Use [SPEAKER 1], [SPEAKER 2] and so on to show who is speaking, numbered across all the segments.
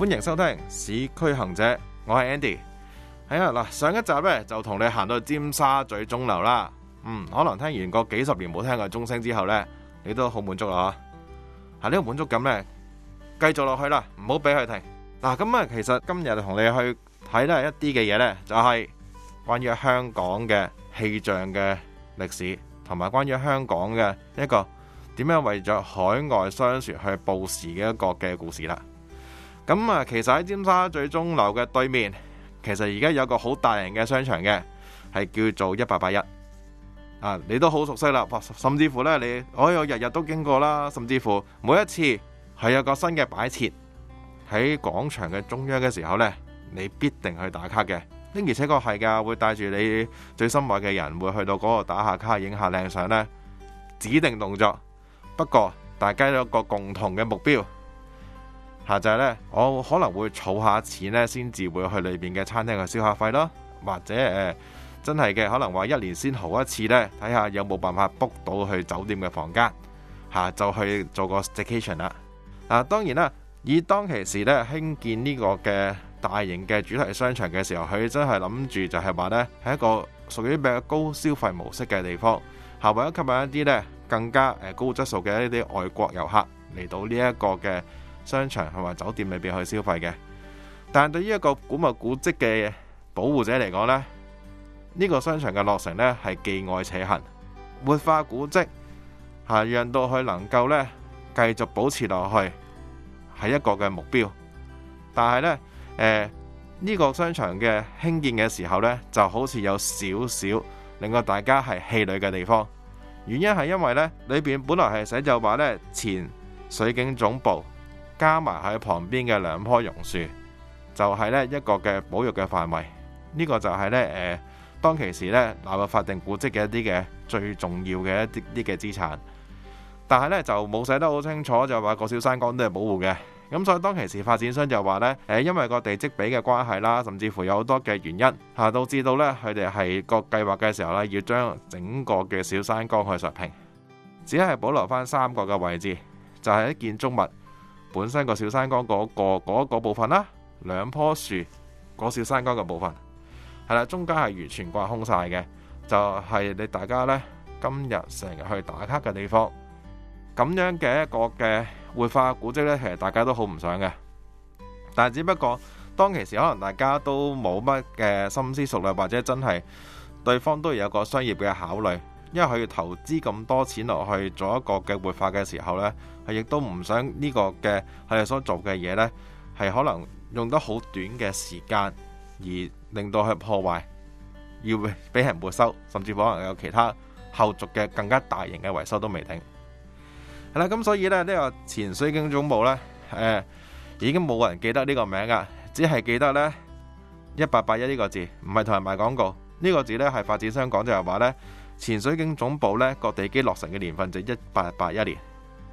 [SPEAKER 1] 歡迎收聽市區行者，我係 Andy。係啊，嗱，上一集咧就同你行到尖沙咀鐘樓啦。嗯，可能聽完個幾十年冇聽過鐘聲之後呢，你都好滿足啦，吓。呢個滿足感呢，繼續落去啦，唔好俾佢停。嗱，咁啊，其實今日同你去睇咧一啲嘅嘢呢，就係關於香港嘅氣象嘅歷史，同埋關於香港嘅一個點樣為咗海外商船去報時嘅一個嘅故事啦。咁啊，其實喺尖沙咀鐘樓嘅對面，其實而家有一個好大型嘅商場嘅，係叫做一八八一。啊，你都好熟悉啦，甚至乎呢，你我我日日都經過啦。甚至乎每一次係有個新嘅擺設喺廣場嘅中央嘅時候呢，你必定去打卡嘅。的而且確係噶，會帶住你最心愛嘅人，會去到嗰個打下卡，影下靚相呢，指定動作。不過大家都有一個共同嘅目標。就係咧，我可能會儲下錢咧，先至會去裏邊嘅餐廳去消下費咯，或者誒真係嘅，可能話一年先豪一次咧，睇下有冇辦法 book 到去酒店嘅房間嚇，就去做個 staycation 啦。嗱，當然啦，以當其時咧興建呢個嘅大型嘅主題商場嘅時候，佢真係諗住就係話咧，喺一個屬於比較高消費模式嘅地方嚇，為咗吸引一啲咧更加誒高質素嘅一啲外國遊客嚟到呢、這、一個嘅。商場同埋酒店裏邊去消費嘅，但係對於一個古物古蹟嘅保護者嚟講咧，呢個商場嘅落成咧係既愛且恨。活化古蹟吓，讓到佢能夠咧繼續保持落去係一個嘅目標。但係呢，誒、呃、呢、呢個商場嘅興建嘅時候呢，就好似有少少令到大家係氣餒嘅地方。原因係因為呢裏邊本來係寫就話呢，前水警總部。加埋喺旁邊嘅兩棵榕樹，就係咧一個嘅保育嘅範圍。呢個就係咧誒，當其時呢納入法定古蹟嘅一啲嘅最重要嘅一啲啲嘅資產。但係呢，就冇寫得好清楚，就話個小山崗都係保護嘅。咁所以當其時發展商就話呢，誒，因為個地積比嘅關係啦，甚至乎有好多嘅原因吓，導致到呢，佢哋係個計劃嘅時候呢，要將整個嘅小山崗去削平，只係保留翻三角嘅位置，就係一建築物。本身個小山崗嗰、那個嗰嗰、那個那個、部分啦，兩棵樹嗰、那個、小山崗嘅部分，係啦，中間係完全掛空晒嘅，就係、是、你大家呢，今日成日去打卡嘅地方，咁樣嘅一個嘅活化古蹟呢，其實大家都好唔想嘅，但係只不過當其時可能大家都冇乜嘅深思熟慮，或者真係對方都有一個商業嘅考慮。因為佢要投資咁多錢落去做一個嘅活化嘅時候呢，佢亦都唔想呢個嘅佢哋所做嘅嘢呢，係可能用得好短嘅時間而令到佢破壞，要俾人回收，甚至可能有其他後續嘅更加大型嘅維修都未定。係啦，咁所以呢，呢、這個前水警總部呢，誒、呃、已經冇人記得呢個名噶，只係記得呢「一八八一」呢個字，唔係同人賣廣告呢、這個字呢，係發展商講就係話呢。潛水警總部呢各地基落成嘅年份就一八八一年，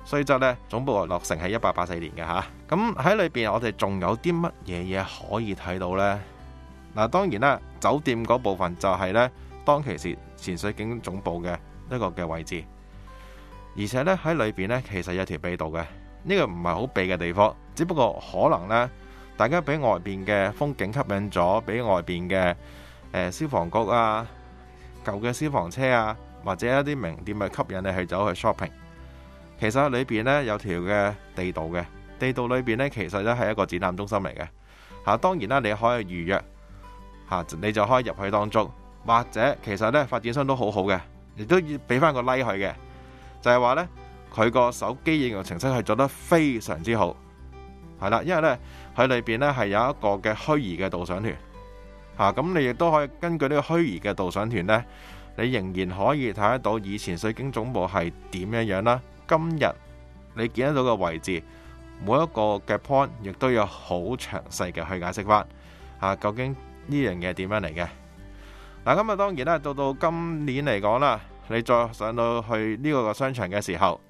[SPEAKER 1] 雖則呢總部落成係一八八四年嘅吓。咁喺裏邊，我哋仲有啲乜嘢嘢可以睇到呢？嗱，當然啦，酒店嗰部分就係呢當其時潛水警總部嘅一個嘅位置，而且呢，喺裏邊呢，其實有一條秘道嘅，呢、這個唔係好秘嘅地方，只不過可能呢，大家俾外邊嘅風景吸引咗，俾外邊嘅消防局啊。舊嘅消防車啊，或者一啲名店，去吸引你去走去 shopping。其實裏邊呢，有條嘅地道嘅，地道裏邊呢，其實呢係一個展覽中心嚟嘅。吓，當然啦，你可以預約，吓你就可以入去當中。或者其實呢，發展商都好好嘅，亦都要俾翻個 like 佢嘅，就係話呢，佢個手機應用程式係做得非常之好，係啦，因為呢，佢裏邊呢係有一個嘅虛擬嘅導賞團。咁、啊，你亦都可以根據呢個虛擬嘅導賞團呢，你仍然可以睇得到以前水警總部係點樣樣啦。今日你見得到嘅位置，每一個嘅 point 亦都有好詳細嘅去解釋翻、啊、究竟呢樣嘢點樣嚟嘅嗱？今、啊、日當然啦，到到今年嚟講啦，你再上到去呢個商場嘅時候，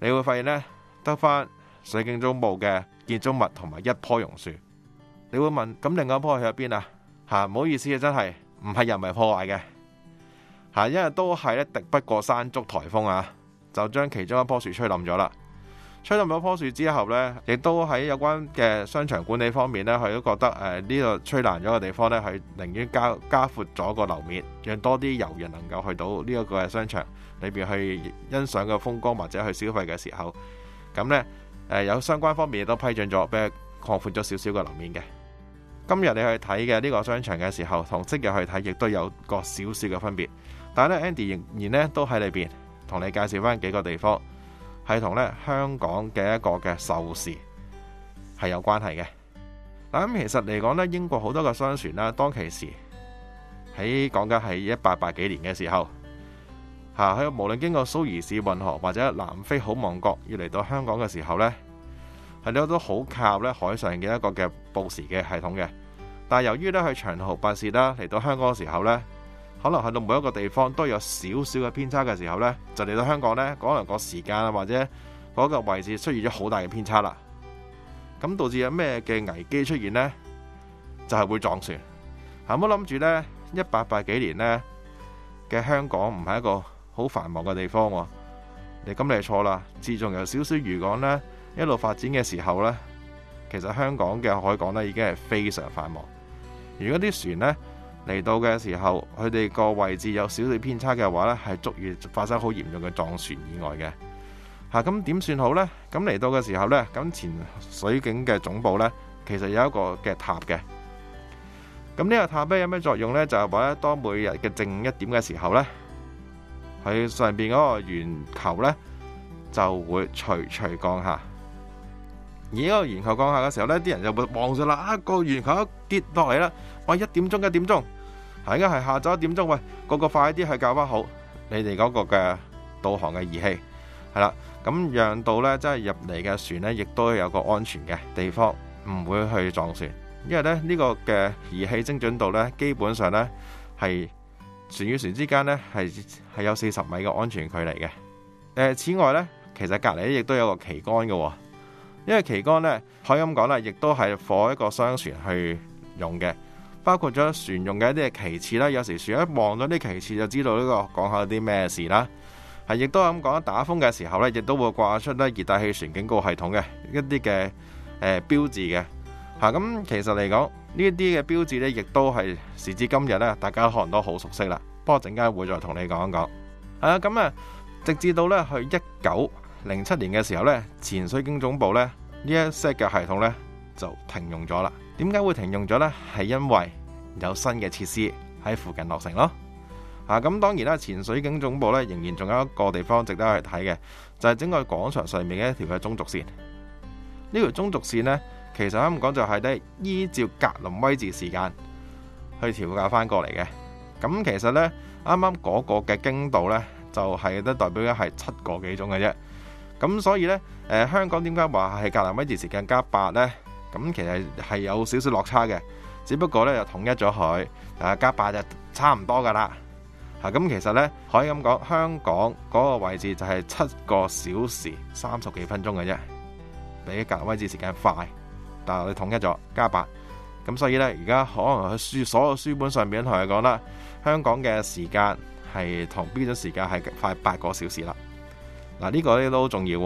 [SPEAKER 1] 你會發現呢得翻水警總部嘅建築物同埋一棵榕樹。你會問：咁另外一棵去咗邊啊？吓，唔好意思啊，真係唔係人為破壞嘅，吓，因為都係咧敵不過山竹台風啊，就將其中一棵樹吹冧咗啦。吹冧咗棵樹之後呢，亦都喺有關嘅商場管理方面呢，佢都覺得誒呢度吹爛咗嘅地方呢，佢寧願加加闊咗個樓面，讓多啲遊人能夠去到呢一個嘅商場裏邊去欣賞嘅風光或者去消費嘅時候，咁呢，誒、呃、有相關方面亦都批准咗，俾擴闊咗少少嘅樓面嘅。今日你去睇嘅呢個商場嘅時候，同即日去睇亦都有一個小小嘅分別，但係咧 Andy 仍然咧都喺裏邊同你介紹翻幾個地方，係同咧香港嘅一個嘅壽事係有關係嘅。嗱，咁其實嚟講呢，英國好多個商船啦，當其時喺講緊係一八八幾年嘅時候，嚇，佢無論經過蘇伊士運河或者南非好望角，要嚟到香港嘅時候呢。係咧都好靠咧海上嘅一個嘅報時嘅系統嘅，但由於咧佢長途跋涉啦，嚟到香港嘅時候呢，可能去到每一個地方都有少少嘅偏差嘅時候呢，就嚟到香港呢，可能個時間啊，或者嗰個位置出現咗好大嘅偏差啦。咁導致有咩嘅危機出現呢？就係、是、會撞船。係冇諗住呢，一八八幾年呢嘅香港唔係一個好繁忙嘅地方。你今日錯啦，自從有少少漁港呢。一路發展嘅時候呢，其實香港嘅海港呢已經係非常繁忙。如果啲船呢嚟到嘅時候，佢哋個位置有少少偏差嘅話呢係足以發生好嚴重嘅撞船意外嘅。嚇，咁點算好呢？咁嚟到嘅時候呢，咁前水警嘅總部呢，其實有一個嘅塔嘅。咁呢個塔呢有咩作用呢？就係話呢，當每日嘅正一點嘅時候呢，佢上邊嗰個圓球呢就會徐徐降下。而個圓球降下嘅時候呢，啲人就會望住啦。啊，個圓球跌落嚟啦，喂，一點鐘一點鐘，係而家係下晝一點鐘。喂，個個快啲去校翻好你哋嗰個嘅導航嘅儀器，係啦，咁讓到呢，即係入嚟嘅船呢，亦都有一個安全嘅地方，唔會去撞船。因為呢呢、呢個嘅儀器精準度呢，基本上呢係船與船之間呢係係有四十米嘅安全距離嘅。誒、呃，此外呢，其實隔離亦都有個旗杆嘅、哦。因為旗杆咧，可以咁講啦，亦都係火一個商船去用嘅，包括咗船用嘅一啲嘅旗幟啦。有時船一望到啲旗幟，就知道呢、這個講下啲咩事啦。係亦都係咁講，打風嘅時候咧，亦都會掛出咧熱帶氣旋警告系統嘅一啲嘅誒標誌嘅。嚇、嗯、咁其實嚟講，這些呢一啲嘅標誌咧，亦都係時至今日咧，大家可能都好熟悉啦。不過陣間會再同你講一講。係啊，咁啊，直至到咧去一九零七年嘅時候呢，潛水警總部呢，呢一 set 嘅系統呢，就停用咗啦。點解會停用咗呢？係因為有新嘅設施喺附近落成咯。咁、啊、當然啦，潛水警總部呢，仍然仲有一個地方值得去睇嘅，就係、是、整個廣場上面嘅一條嘅中軸線。呢條中軸線呢，其實啱講就係呢，依照格林威治時間去調校翻過嚟嘅。咁其實呢，啱啱嗰個嘅經度呢，就係、是、得代表咗係七個幾鐘嘅啫。咁所以呢，誒香港點解話係格林威治時間加八呢？咁其實係有少少落差嘅，只不過呢，又統一咗佢，誒加八就差唔多噶啦。嚇咁其實呢，可以咁講，香港嗰個位置就係七個小時三十幾分鐘嘅啫，比格林威治時間快，但係我哋統一咗加八，咁所以呢，而家可能佢書所有書本上面同佢講啦，香港嘅時間係同標準時間係快八個小時啦。嗱，呢個咧都好重要，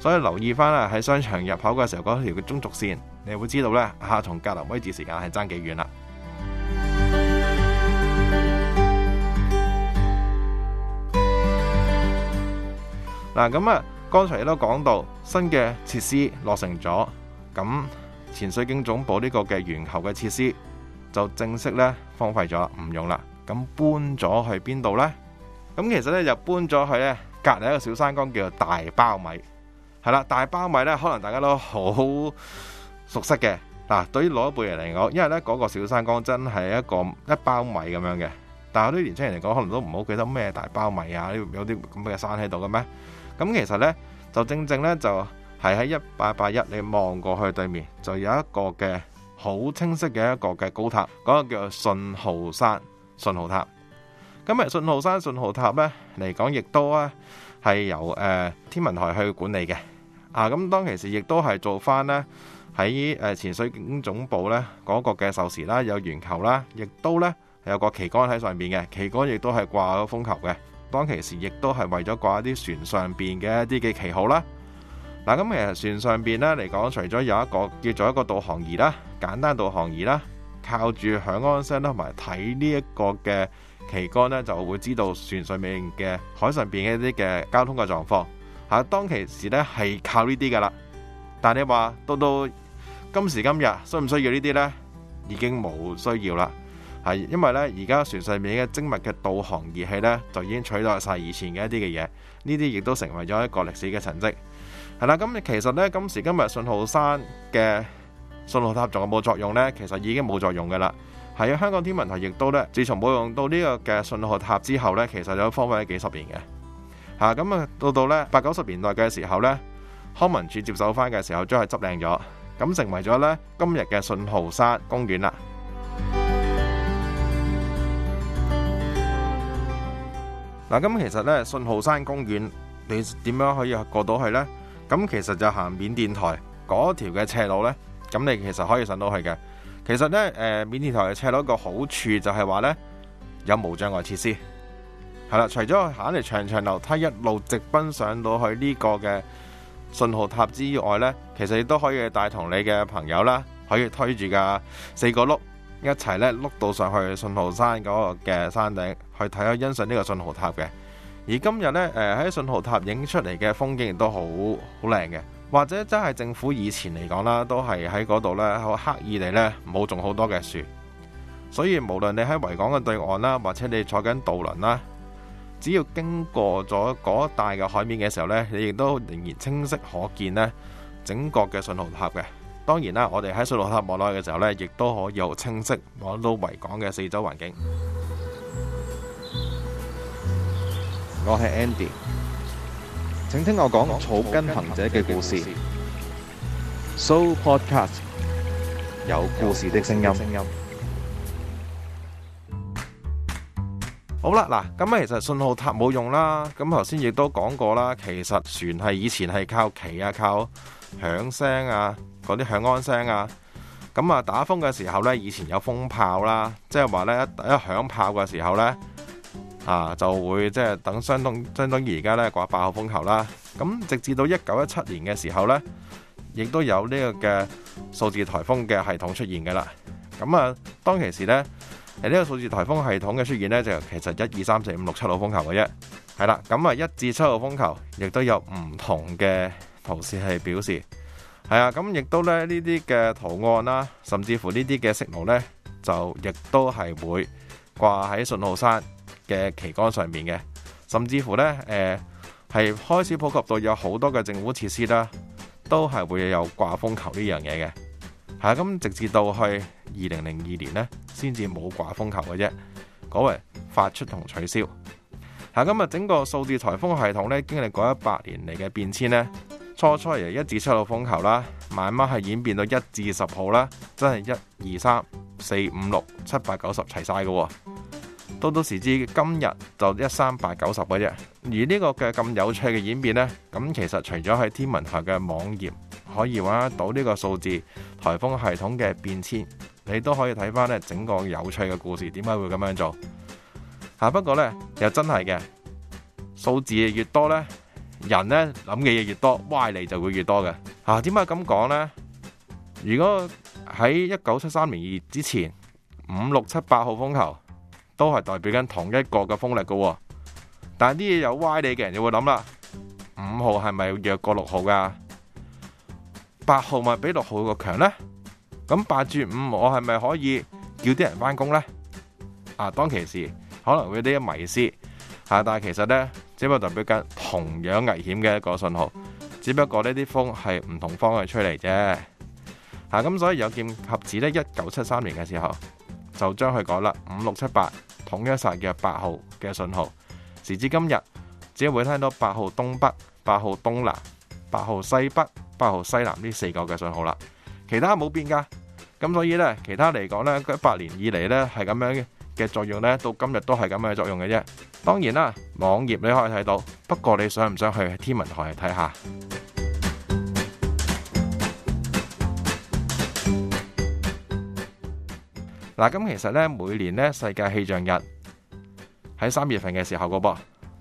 [SPEAKER 1] 所以留意翻啦！喺商場入口嘅時候，嗰條嘅中軸線，你會知道呢，下、啊、同隔鄰位置時間係爭幾遠啦。嗱、嗯，咁啊，剛才亦都講到新嘅設施落成咗，咁前水警總部呢個嘅原後嘅設施就正式呢荒廢咗，唔用啦。咁搬咗去邊度呢？咁其實呢，就搬咗去呢。隔籬一個小山崗叫做大包米，係啦，大包米咧可能大家都好熟悉嘅嗱，對於老一輩人嚟講，因為咧嗰個小山崗真係一個一包米咁樣嘅，但係啲年輕人嚟講可能都唔好記得咩大包米啊，有啲咁嘅山喺度嘅咩？咁其實咧就正正咧就係喺一八八一，你望過去對面就有一個嘅好清晰嘅一個嘅高塔，嗰個叫做信號山信號塔。咁啊！信號山、信號塔咧嚟講，亦都啊，係由誒天文台去管理嘅啊。咁當其時，亦都係做翻咧喺誒前水警總部咧嗰個嘅授時啦，有圓球啦，亦都咧有個旗杆喺上邊嘅旗杆，亦都係掛咗風球嘅。當其時，亦都係為咗掛一啲船上邊嘅一啲嘅旗號啦。嗱，咁其實船上邊咧嚟講，除咗有一個叫做一個導航儀啦，簡單導航儀啦，靠住響安聲啦，同埋睇呢一個嘅。旗杆咧就會知道船上面嘅海上邊嘅一啲嘅交通嘅狀況，嚇當其時咧係靠呢啲噶啦。但你話到到今時今日，需唔需要呢啲呢？已經冇需要啦，係因為呢，而家船上面嘅精密嘅導航儀器呢，就已經取代晒以前嘅一啲嘅嘢。呢啲亦都成為咗一個歷史嘅陳跡。係啦，咁、嗯、其實呢，今時今日信號山嘅信號塔仲有冇作用呢？其實已經冇作用㗎啦。係啊，香港天文台亦都咧，自從冇用到呢個嘅信號塔之後咧，其實有荒廢咗幾十年嘅吓，咁啊到到咧八九十年代嘅時候咧，康文署接手翻嘅時候，將佢執靚咗，咁成為咗咧今日嘅信號山公園啦。嗱，咁其實咧信號山公園你點樣可以過到去咧？咁其實就行緬甸台嗰條嘅斜路咧，咁你其實可以上到去嘅。其實呢，誒、呃，緬甸台嘅斜路個好處就係話呢，有無障礙設施，係啦。除咗行嚟，長長樓梯一路直奔上到去呢個嘅信號塔之外呢，其實亦都可以帶同你嘅朋友啦，可以推住架四個轆，一齊呢碌到上去信號山嗰個嘅山頂去睇下欣賞呢個信號塔嘅。而今日呢，誒、呃、喺信號塔影出嚟嘅風景都好好靚嘅。或者真係政府以前嚟講啦，都係喺嗰度呢，好刻意地呢冇種好多嘅樹。所以無論你喺維港嘅對岸啦，或者你坐緊渡輪啦，只要經過咗嗰一帶嘅海面嘅時候呢，你亦都仍然清晰可見呢整個嘅信號塔嘅。當然啦，我哋喺信號塔望落去嘅時候呢，亦都可以好清晰望到維港嘅四周環境。我係 Andy。請聽我講草根行者嘅故事。So Podcast，有故事的聲音。好啦，嗱，咁啊，其實信號塔冇用啦。咁頭先亦都講過啦，其實船係以前係靠旗啊，靠響聲啊，嗰啲響安聲啊。咁啊，打風嘅時候呢，以前有風炮啦，即係話呢，一響炮嘅時候呢。啊，就會即係等相等，相當於而家咧掛八號風球啦。咁直至到一九一七年嘅時候呢，亦都有呢個嘅數字颱風嘅系統出現嘅啦。咁啊，當其時呢，呢、這個數字颱風系統嘅出現呢，就其實一二三四五六七號風球嘅啫。係啦，咁啊一至七號風球亦都有唔同嘅圖示係表示係啊。咁亦都咧呢啲嘅圖案啦、啊，甚至乎呢啲嘅色模呢，就亦都係會掛喺信號山。嘅旗杆上面嘅，甚至乎呢，誒、呃、係開始普及到有好多嘅政府設施啦，都係會有掛風球呢樣嘢嘅，係咁直至到去二零零二年呢，先至冇掛風球嘅啫，改為發出同取消。吓，今日整個數字台風系統呢，經歷過一百年嚟嘅變遷呢，初初由一至七號風球啦，慢慢係演變到一至十號啦，真係一二三四五六七八九十齊晒嘅。都到時至今日就一三八九十嘅啫，而呢個嘅咁有趣嘅演變呢，咁其實除咗喺天文台嘅網頁可以揾得到呢個數字，颱風系統嘅變遷，你都可以睇翻呢整個有趣嘅故事，點解會咁樣做？啊，不過呢，又真係嘅，數字越多呢，人呢諗嘅嘢越多，歪理就會越多嘅嚇。點解咁講呢？如果喺一九七三年二月之前五六七八號風球。都係代表緊同一個嘅風力嘅，但係啲嘢有歪理嘅人就會諗啦。五號係咪弱過六號噶？八號咪比六號個強呢？咁八至五，我係咪可以叫啲人返工呢？啊，當其時可能會有啲迷思，吓、啊，但係其實呢，只不過代表緊同樣危險嘅一個信號，只不過呢啲風係唔同方向吹嚟啫。吓、啊、咁，所以有見及此呢，一九七三年嘅時候就將佢講啦，五六七八。統一晒嘅八號嘅信號，時至今日只會聽到八號東北、八號東南、八號西北、八號西南呢四個嘅信號啦。其他冇變噶，咁所以呢，其他嚟講呢，一百年以嚟呢係咁樣嘅作用呢，到今日都係咁樣嘅作用嘅啫。當然啦，網頁你可以睇到，不過你想唔想去天文台嚟睇下？嗱，咁其實咧，每年咧世界氣象日喺三月份嘅時候個噃，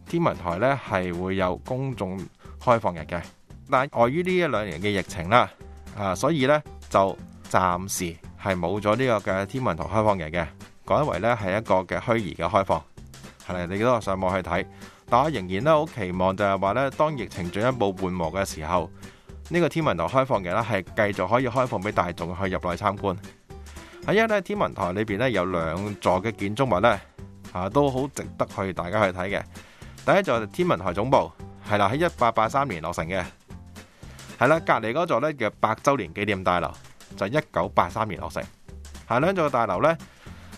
[SPEAKER 1] 天文台咧係會有公眾開放日嘅。但係礙於呢一兩年嘅疫情啦，啊，所以咧就暫時係冇咗呢個嘅天文台開放日嘅。改為咧係一個嘅虛擬嘅開放，係你都上網去睇。但我仍然咧好期望就係話咧，當疫情進一步緩和嘅時候，呢個天文台開放日啦係繼續可以開放俾大眾去入內參觀。第一咧，天文台裏邊咧有兩座嘅建築物咧，啊，都好值得去大家去睇嘅。第一座係天文台總部，係啦，喺一八八三年落成嘅，係啦，隔籬嗰座咧叫百周年紀念大樓，就一九八三年落成。係兩座大樓咧，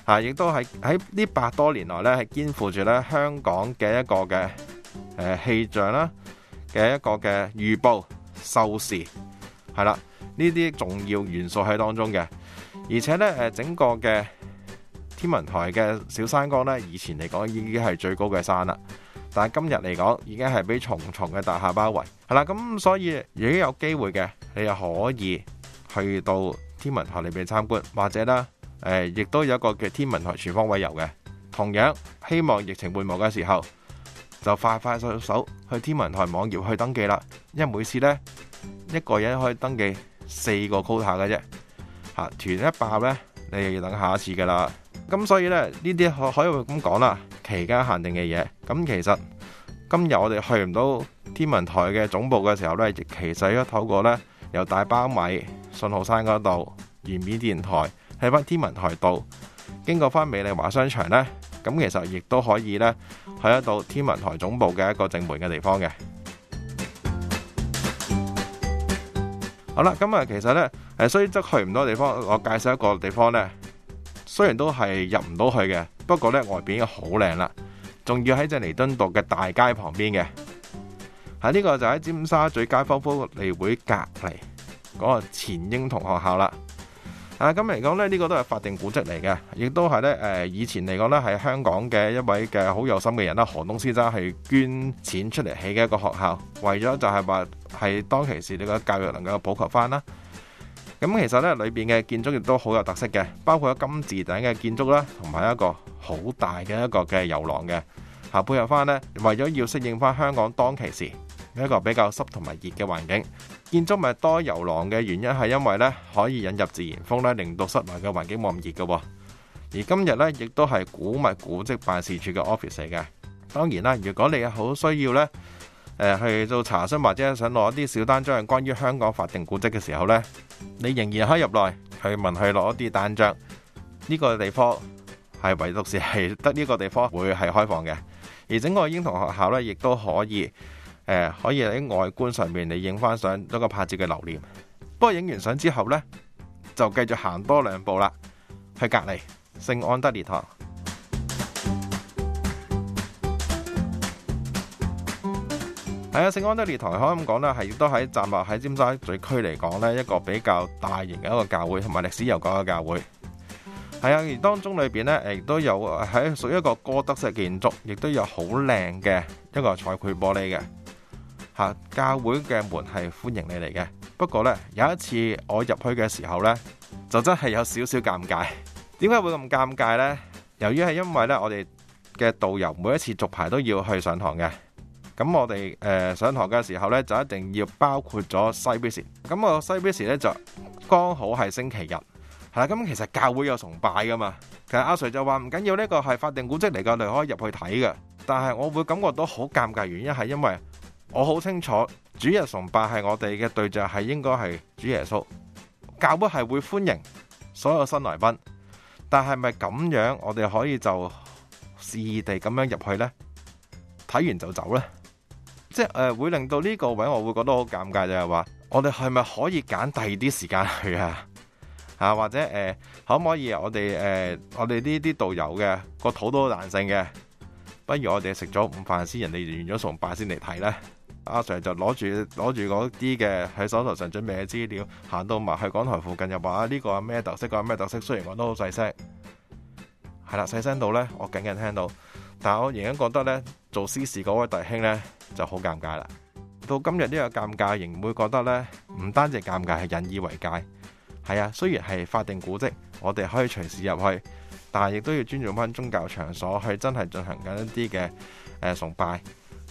[SPEAKER 1] 啊，亦都係喺呢百多年來咧，係肩負住咧香港嘅一個嘅誒氣象啦嘅一個嘅預報、授時，係啦，呢啲重要元素喺當中嘅。而且咧，誒整個嘅天文台嘅小山崗呢，以前嚟講已經係最高嘅山啦。但係今日嚟講，已經係俾重重嘅大廈包圍，係啦。咁所以如果有機會嘅，你又可以去到天文台裏邊參觀，或者咧，誒、呃、亦都有一個叫天文台全方位遊嘅。同樣希望疫情緩和嘅時候，就快快手手去天文台網頁去登記啦。因為每次呢，一個人可以登記四個 quota 嘅啫。啊、團一爆呢，你就要等下一次㗎喇。咁所以呢，呢啲可可以咁講啦，期間限定嘅嘢。咁其實今日我哋去唔到天文台嘅總部嘅時候呢，其實都透過呢，由大包米信號山嗰度延邊電台去翻天文台度，經過翻美麗華商場呢。咁其實亦都可以呢，去得到天文台總部嘅一個正門嘅地方嘅。好啦，咁啊，其實呢，誒，雖則去唔多地方，我介紹一個地方呢，雖然都係入唔到去嘅，不過呢，外邊已經好靚啦，仲要喺正彌敦道嘅大街旁邊嘅，喺、啊、呢、這個就喺尖沙咀街坊福利會隔籬嗰個前英童學校啦。啊，咁嚟講咧，呢個都係法定古蹟嚟嘅，亦都係咧以前嚟講咧，係香港嘅一位嘅好有心嘅人啦，何東先生係捐錢出嚟起嘅一個學校，為咗就係話係當其時你個教育能夠普及翻啦。咁其實咧裏面嘅建築亦都好有特色嘅，包括咗金字頂嘅建築啦，同埋一個好大嘅一個嘅遊廊嘅，後配合翻咧，為咗要適應翻香港當其時。一個比較濕同埋熱嘅環境，建築物多遊廊嘅原因係因為呢可以引入自然風呢，令到室內嘅環境冇咁熱嘅。而今日呢，亦都係古物古蹟辦事處嘅 office 嚟嘅。當然啦，如果你好需要呢、呃，去做查詢或者想攞一啲小單張關於香港法定古蹟嘅時候呢，你仍然可以入內去問去攞一啲單張。呢、這個地方係唯獨是係得呢個地方會係開放嘅。而整個英童學校呢，亦都可以。誒、呃，可以喺外觀上面你影翻相，一個拍照嘅留念。不過影完相之後呢，就繼續行多兩步啦，去隔離聖安德烈堂。係啊，聖安德烈堂可以咁講咧，係亦都喺暫落喺尖沙咀區嚟講呢一個比較大型嘅一個教會，同埋歷史悠久嘅教會。係啊，而當中裏邊呢，亦都有喺屬於一個哥德式建築，亦都有好靚嘅一個彩繪玻璃嘅。吓，教會嘅門係歡迎你嚟嘅。不過呢，有一次我入去嘅時候呢，就真係有少少尷尬。點解會咁尷尬呢？由於係因為呢，我哋嘅導遊每一次續牌都要去上堂嘅。咁我哋誒、呃、上堂嘅時候呢，就一定要包括咗西比士。咁個西比士呢，就剛好係星期日，係啦。咁其實教會有崇拜噶嘛。其實阿 Sir 就話唔緊要，呢個係法定古蹟嚟噶，你可以入去睇噶。但係我會感覺到好尷尬，原因係因為。我好清楚，主日崇拜係我哋嘅對象，係應該係主耶穌。教會係會歡迎所有新來賓，但係咪咁樣我哋可以就肆意地咁樣入去呢？睇完就走呢？即係誒、呃，會令到呢個位我會覺得好尷尬就係話，我哋係咪可以揀第二啲時間去啊？啊或者誒、呃，可唔可以我哋誒、呃，我哋呢啲導遊嘅個肚都好彈性嘅，不如我哋食咗午飯先，人哋完咗崇拜先嚟睇呢。阿 sir 就攞住攞住嗰啲嘅喺手頭上準備嘅資料，行到埋去港台附近，又話呢個咩特色，嗰個咩特色。雖然我都好細聲，係啦細聲到呢，我僅僅聽到，但係我仍然覺得呢，做私事嗰位弟兄呢就好尷尬啦。到今日呢個尷尬，仍會覺得呢唔單止尷尬，係引以為戒。係啊，雖然係法定古蹟，我哋可以隨時入去，但係亦都要尊重翻宗教場所，去真係進行緊一啲嘅、呃、崇拜。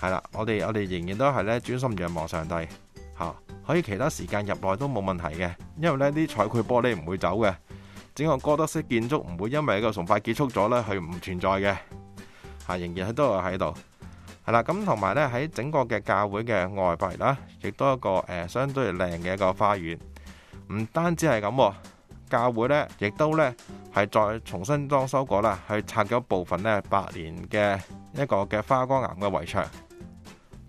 [SPEAKER 1] 係啦，我哋我哋仍然都係咧專心仰望上帝嚇。可以其他時間入內都冇問題嘅，因為呢啲彩繪玻璃唔會走嘅。整個哥德式建築唔會因為呢個崇拜結束咗呢，佢唔存在嘅嚇、啊，仍然係都喺度係啦。咁同埋呢，喺整個嘅教會嘅外圍啦，亦都有一個誒、呃、相對靚嘅一個花園。唔單止係咁、啊，教會呢亦都呢，係再重新裝修過啦，去拆咗部分呢百年嘅一個嘅花崗岩嘅圍牆。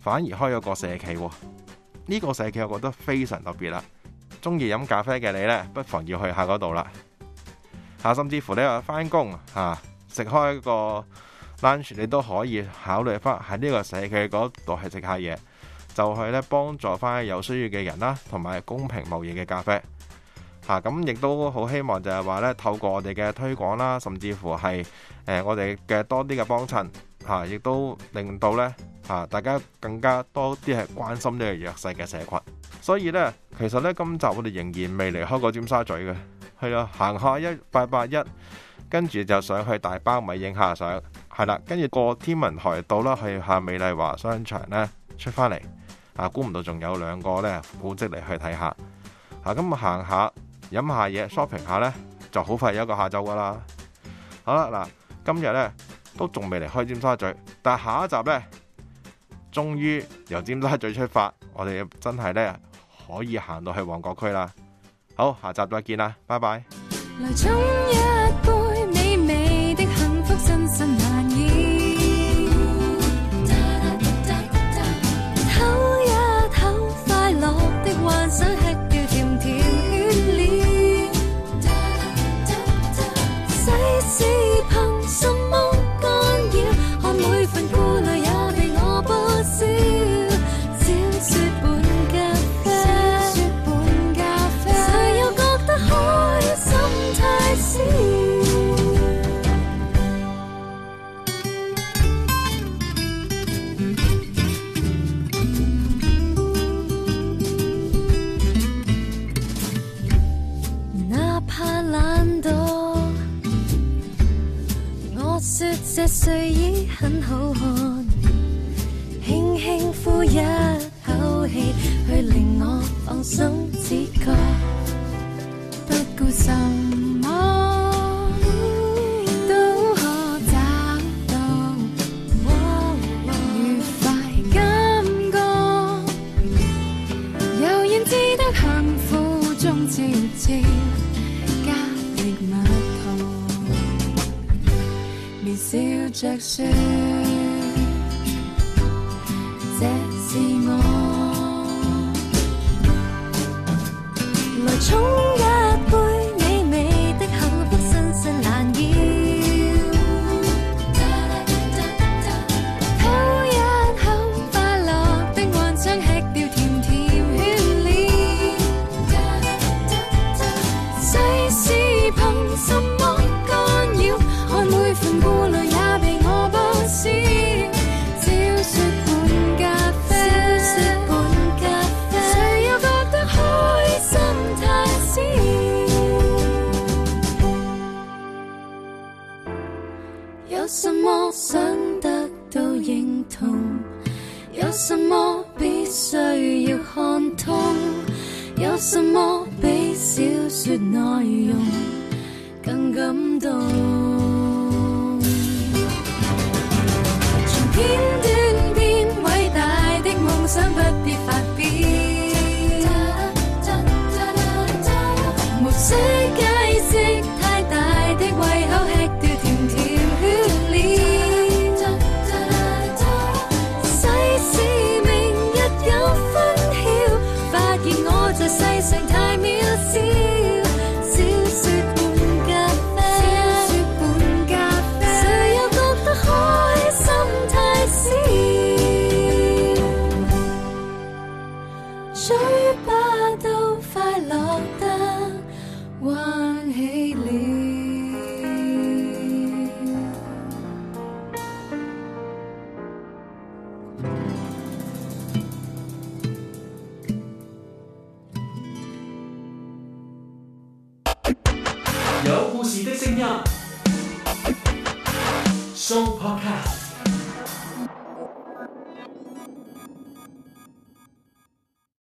[SPEAKER 1] 反而開咗個社企，呢個社企我覺得非常特別啦。中意飲咖啡嘅你呢，不妨要去下嗰度啦。嚇，甚至乎你話，翻工嚇食開個 lunch，你都可以考慮翻喺呢個社企嗰度去食下嘢，就去呢幫助翻有需要嘅人啦，同埋公平貿易嘅咖啡。嚇，咁亦都好希望就係話呢，透過我哋嘅推廣啦，甚至乎係誒我哋嘅多啲嘅幫襯。嚇、啊，亦都令到咧嚇、啊、大家更加多啲係關心呢個弱勢嘅社群。所以咧，其實咧，今集我哋仍然未離開過尖沙咀嘅，係咯，行下一八八一，881, 跟住就上去大包米影下相，係啦，跟住過天文台道啦，去下美麗華商場咧，出翻嚟，啊，估唔到仲有兩個咧古蹟嚟去睇下，啊，咁、嗯、行下飲下嘢 shopping 下咧，就好快有一個下晝噶啦。好啦，嗱、啊，今日咧。都仲未離開尖沙咀，但下一集呢，終於由尖沙咀出發，我哋真係呢，可以行到去旺角區啦。好，下集再見啦，拜拜。